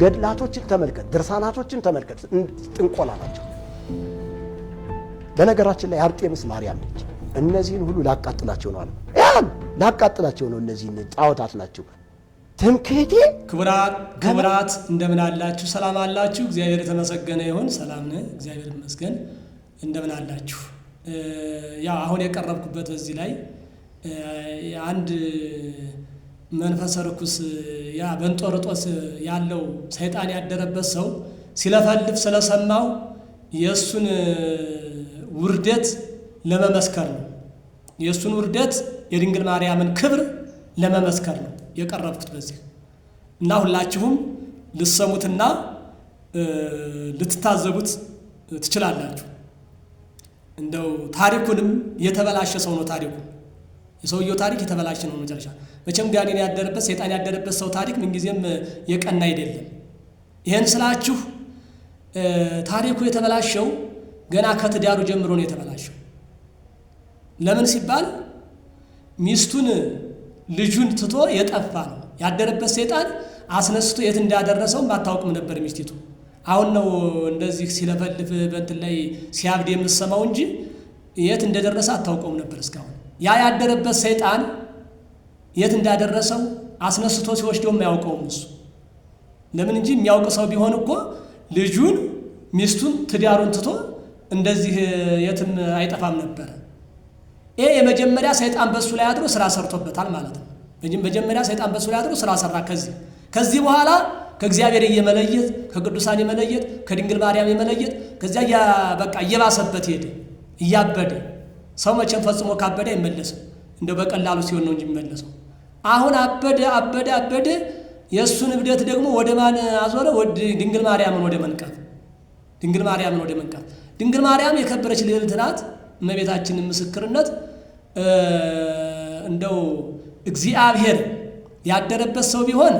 ገድላቶችን ተመልከት፣ ድርሳናቶችን ተመልከት። ጥንቆላ ናቸው። በነገራችን ላይ አርጤምስ ማርያም ነች። እነዚህን ሁሉ ላቃጥላቸው ነው አለ። ላቃጥላቸው ነው። እነዚህን ጣዖታት ናቸው። ትምክህቴ። ክቡራት ክቡራት፣ እንደምን አላችሁ? ሰላም አላችሁ? እግዚአብሔር የተመሰገነ ይሁን። ሰላም ነህ? እግዚአብሔር ይመስገን። እንደምን አላችሁ? ያው አሁን የቀረብኩበት በዚህ ላይ አንድ መንፈሰ ርኩስ ያ በንጦርጦስ ያለው ሰይጣን ያደረበት ሰው ሲለፈልፍ ስለሰማው የእሱን ውርደት ለመመስከር ነው። የእሱን ውርደት የድንግል ማርያምን ክብር ለመመስከር ነው የቀረብኩት በዚህ እና ሁላችሁም ልትሰሙትና ልትታዘቡት ትችላላችሁ። እንደው ታሪኩንም የተበላሸ ሰው ነው ታሪኩ። የሰውየው ታሪክ የተበላሸ ነው። መጨረሻ መቼም ጋኔን ያደረበት ሰይጣን ያደረበት ሰው ታሪክ ምንጊዜም የቀና አይደለም። ይህን ስላችሁ ታሪኩ የተበላሸው ገና ከትዳሩ ጀምሮ ነው የተበላሸው። ለምን ሲባል ሚስቱን ልጁን ትቶ የጠፋ ነው ያደረበት ሰይጣን አስነስቶ የት እንዳደረሰው አታውቅም ነበር ሚስቲቱ። አሁን ነው እንደዚህ ሲለፈልፍ በእንትን ላይ ሲያብድ የምትሰማው እንጂ የት እንደደረሰ አታውቀውም ነበር እስካሁን። ያ ያደረበት ሰይጣን የት እንዳደረሰው አስነስቶ ሲወስደው አያውቀውም እሱ። ለምን እንጂ የሚያውቅ ሰው ቢሆን እኮ ልጁን፣ ሚስቱን፣ ትዳሩን ትቶ እንደዚህ የትም አይጠፋም ነበረ። ይህ የመጀመሪያ ሰይጣን በሱ ላይ አድሮ ስራ ሰርቶበታል ማለት ነው። መጀመሪያ ሰይጣን በሱ ላይ አድሮ ስራ ሰራ። ከዚህ ከዚህ በኋላ ከእግዚአብሔር እየመለየት ከቅዱሳን የመለየት ከድንግል ማርያም የመለየት ከዚያ በቃ እየባሰበት ሄደ እያበደ ሰው መቼም ፈጽሞ ካበደ አይመለስም። እንደ በቀላሉ ሲሆን ነው እንጂ የሚመለሰው። አሁን አበደ አበደ አበደ። የእሱን እብደት ደግሞ ወደ ማን አዞረ? ድንግል ማርያምን ወደ መንቀፍ፣ ድንግል ማርያምን ወደ መንቀፍ። ድንግል ማርያም የከበረች ልዕልት ናት። እመቤታችንን ምስክርነት እንደው እግዚአብሔር ያደረበት ሰው ቢሆን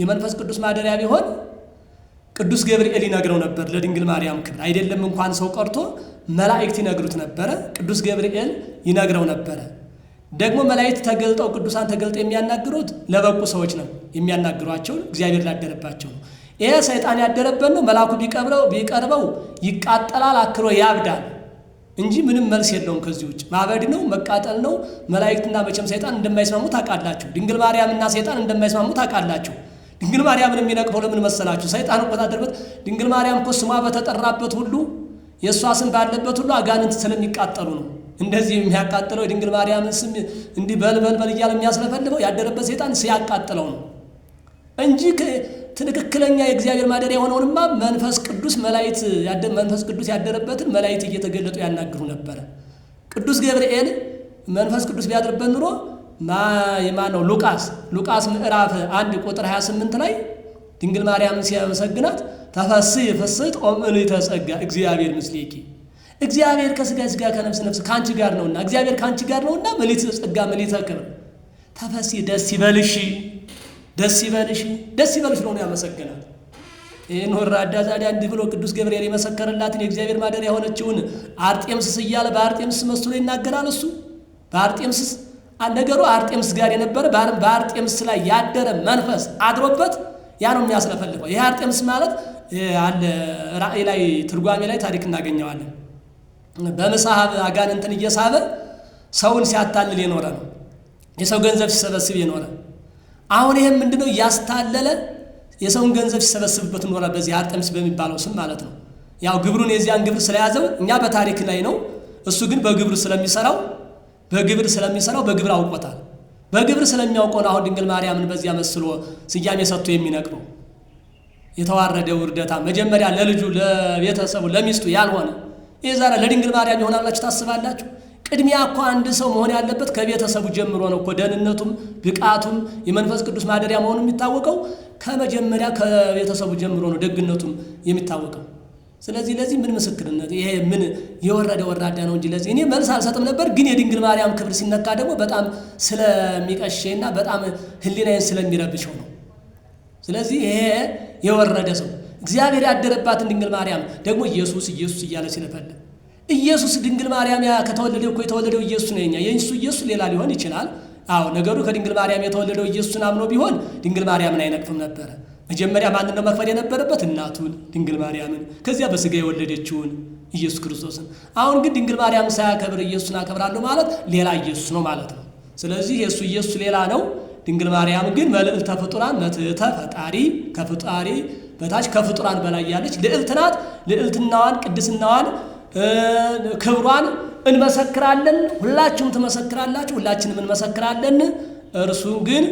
የመንፈስ ቅዱስ ማደሪያ ቢሆን ቅዱስ ገብርኤል ይነግረው ነበር ለድንግል ማርያም ክብር። አይደለም እንኳን ሰው ቀርቶ መላእክት ይነግሩት ነበረ፣ ቅዱስ ገብርኤል ይነግረው ነበረ። ደግሞ መላእክት ተገልጠው ቅዱሳን ተገልጠው የሚያናግሩት ለበቁ ሰዎች ነው የሚያናግሯቸው፣ እግዚአብሔር ላደረባቸው ነው። ይሄ ሰይጣን ያደረበት ነው። መልአኩ ቢቀብረው ቢቀርበው ይቃጠላል፣ አክሮ ያብዳል እንጂ ምንም መልስ የለውም። ከዚህ ውጭ ማበድ ነው፣ መቃጠል ነው። መላእክትና መቼም ሰይጣን እንደማይስማሙ ታውቃላችሁ። ድንግል ማርያምና ሰይጣን እንደማይስማሙ ታውቃላችሁ። ድንግል ማርያምን የሚነቅፈው ለምን መሰላችሁ? ሰይጣን እኮ ታደርበት ድንግል ማርያም እኮ ስሟ በተጠራበት ሁሉ የእሷ ስም ባለበት ሁሉ አጋንንት ስለሚቃጠሉ ነው። እንደዚህ የሚያቃጥለው የድንግል ማርያምን ስም እንዲህ በልበልበል እያለ የሚያስለፈልፈው ያደረበት ሰይጣን ሲያቃጥለው ነው እንጂ ትክክለኛ የእግዚአብሔር ማደሪያ የሆነውንማ መንፈስ ቅዱስ መላይት መንፈስ ቅዱስ ያደረበትን መላይት እየተገለጡ ያናግሩ ነበረ። ቅዱስ ገብርኤል መንፈስ ቅዱስ ቢያድርበት ኑሮ የማነው ሉቃስ ሉቃስ ምዕራፍ አንድ ቁጥር 28 ላይ ድንግል ማርያምን ሲያመሰግናት ተፈስ ፍስት ኦምእን ተጸጋ እግዚአብሔር ምስሌኪ እግዚአብሔር ከስጋ ስጋ ከነፍስ ነፍስ ከአንቺ ጋር ነውና እግዚአብሔር ከአንቺ ጋር ነውና መሊት ጸጋ መሊት ክብር ተፈስ ደስ ይበልሽ ደስ ይበልሽ ደስ ይበልሽ ነው ያመሰግናት። ይህን ወራዳ ዛዲያ እንዲህ ብሎ ቅዱስ ገብርኤል የመሰከረላትን የእግዚአብሔር ማደሪያ የሆነችውን አርጤምስስ እያለ በአርጤምስስ መስሎ ይናገራል። እሱ በአርጤምስስ ነገሩ አርጤምስ ጋር የነበረ በአርጤምስ ላይ ያደረ መንፈስ አድሮበት ያ ነው የሚያስለፈልፈው። ይህ አርጤምስ ማለት አለ ራእይ ላይ ትርጓሜ ላይ ታሪክ እናገኘዋለን። በምሳሀብ አጋንንትን እየሳበ ሰውን ሲያታልል የኖረ ነው። የሰው ገንዘብ ሲሰበስብ የኖረ አሁን ይህም ምንድነው እያስታለለ የሰውን ገንዘብ ሲሰበስብበት ኖረ። በዚህ አርጤምስ በሚባለው ስም ማለት ነው። ያው ግብሩን የዚያን ግብር ስለያዘው እኛ በታሪክ ላይ ነው፣ እሱ ግን በግብር ስለሚሰራው በግብር ስለሚሰራው በግብር አውቆታል። በግብር ስለሚያውቀው አሁን ድንግል ማርያምን በዚያ መስሎ ስያሜ ሰጥቶ የሚነቅበው የተዋረደ ውርደታ መጀመሪያ ለልጁ ለቤተሰቡ ለሚስቱ ያልሆነ ይህ ዛሬ ለድንግል ማርያም ይሆናል ብላችሁ ታስባላችሁ? ቅድሚያ እኮ አንድ ሰው መሆን ያለበት ከቤተሰቡ ጀምሮ ነው እኮ ደህንነቱም ብቃቱም የመንፈስ ቅዱስ ማደሪያ መሆኑ የሚታወቀው ከመጀመሪያ ከቤተሰቡ ጀምሮ ነው ደግነቱም የሚታወቀው። ስለዚህ ለዚህ ምን ምስክርነት ይሄ ምን የወረደ ወራዳ ነው እንጂ ለዚህ እኔ መልስ አልሰጥም ነበር። ግን የድንግል ማርያም ክብር ሲነካ ደግሞ በጣም ስለሚቀሸና በጣም ሕሊናዬን ስለሚረብሸው ነው። ስለዚህ ይሄ የወረደ ሰው እግዚአብሔር ያደረባትን ድንግል ማርያም ደግሞ ኢየሱስ ኢየሱስ እያለ ሲለፈልግ ኢየሱስ ድንግል ማርያም ያ ከተወለደ እኮ የተወለደው ኢየሱስ ነው። የኛ የእሱ ኢየሱስ ሌላ ሊሆን ይችላል። አዎ ነገሩ ከድንግል ማርያም የተወለደው ኢየሱስን አምኖ ቢሆን ድንግል ማርያምን አይነቅፍም ነበረ። መጀመሪያ ማንን ነው መክፈል የነበረበት? እናቱን ድንግል ማርያምን፣ ከዚያ በስጋ የወለደችውን ኢየሱስ ክርስቶስን። አሁን ግን ድንግል ማርያም ሳያከብር ኢየሱስን አከብራለሁ ማለት ሌላ ኢየሱስ ነው ማለት ነው። ስለዚህ የእሱ ኢየሱስ ሌላ ነው። ድንግል ማርያም ግን መልዕልተ ፍጡራን መትሕተ ፈጣሪ ከፍጣሪ በታች ከፍጡራን በላይ ያለች ልዕልት ናት። ልዕልትናዋን፣ ቅድስናዋን፣ ክብሯን እንመሰክራለን። ሁላችሁም ትመሰክራላችሁ፣ ሁላችንም እንመሰክራለን። እርሱ ግን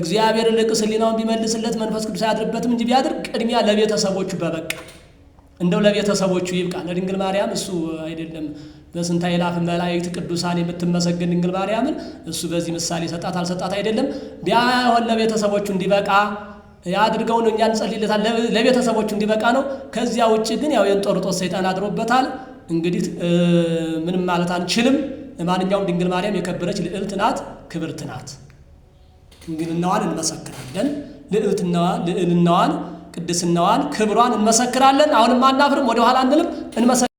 እግዚአብሔር ልቅ ስሊናውን ቢመልስለት መንፈስ ቅዱስ አያድርበትም እንጂ ቢያድር ቅድሚያ ለቤተሰቦቹ በበቅ እንደው ለቤተሰቦቹ ይብቃ። ለድንግል ማርያም እሱ አይደለም በስንታ ይላፍ መላእክት ቅዱሳን የምትመሰገን ድንግል ማርያምን እሱ በዚህ ምሳሌ ሰጣት አልሰጣት አይደለም። ቢያሆን ለቤተሰቦቹ እንዲበቃ ያድርገው ነው። እኛ እንጸልይለታል ለቤተሰቦቹ እንዲበቃ ነው። ከዚያ ውጭ ግን ያው የእንጦርጦስ ሰይጣን አድሮበታል። እንግዲህ ምንም ማለት አንችልም። ለማንኛውም ድንግል ማርያም የከበረች ልዕልት ናት፣ ክብርት ናት። ድንግልናዋን እንመሰክራለን። ልዕልናዋን፣ ቅድስናዋን፣ ክብሯን እንመሰክራለን። አሁንም አናፍርም፣ ወደኋላ አንልም።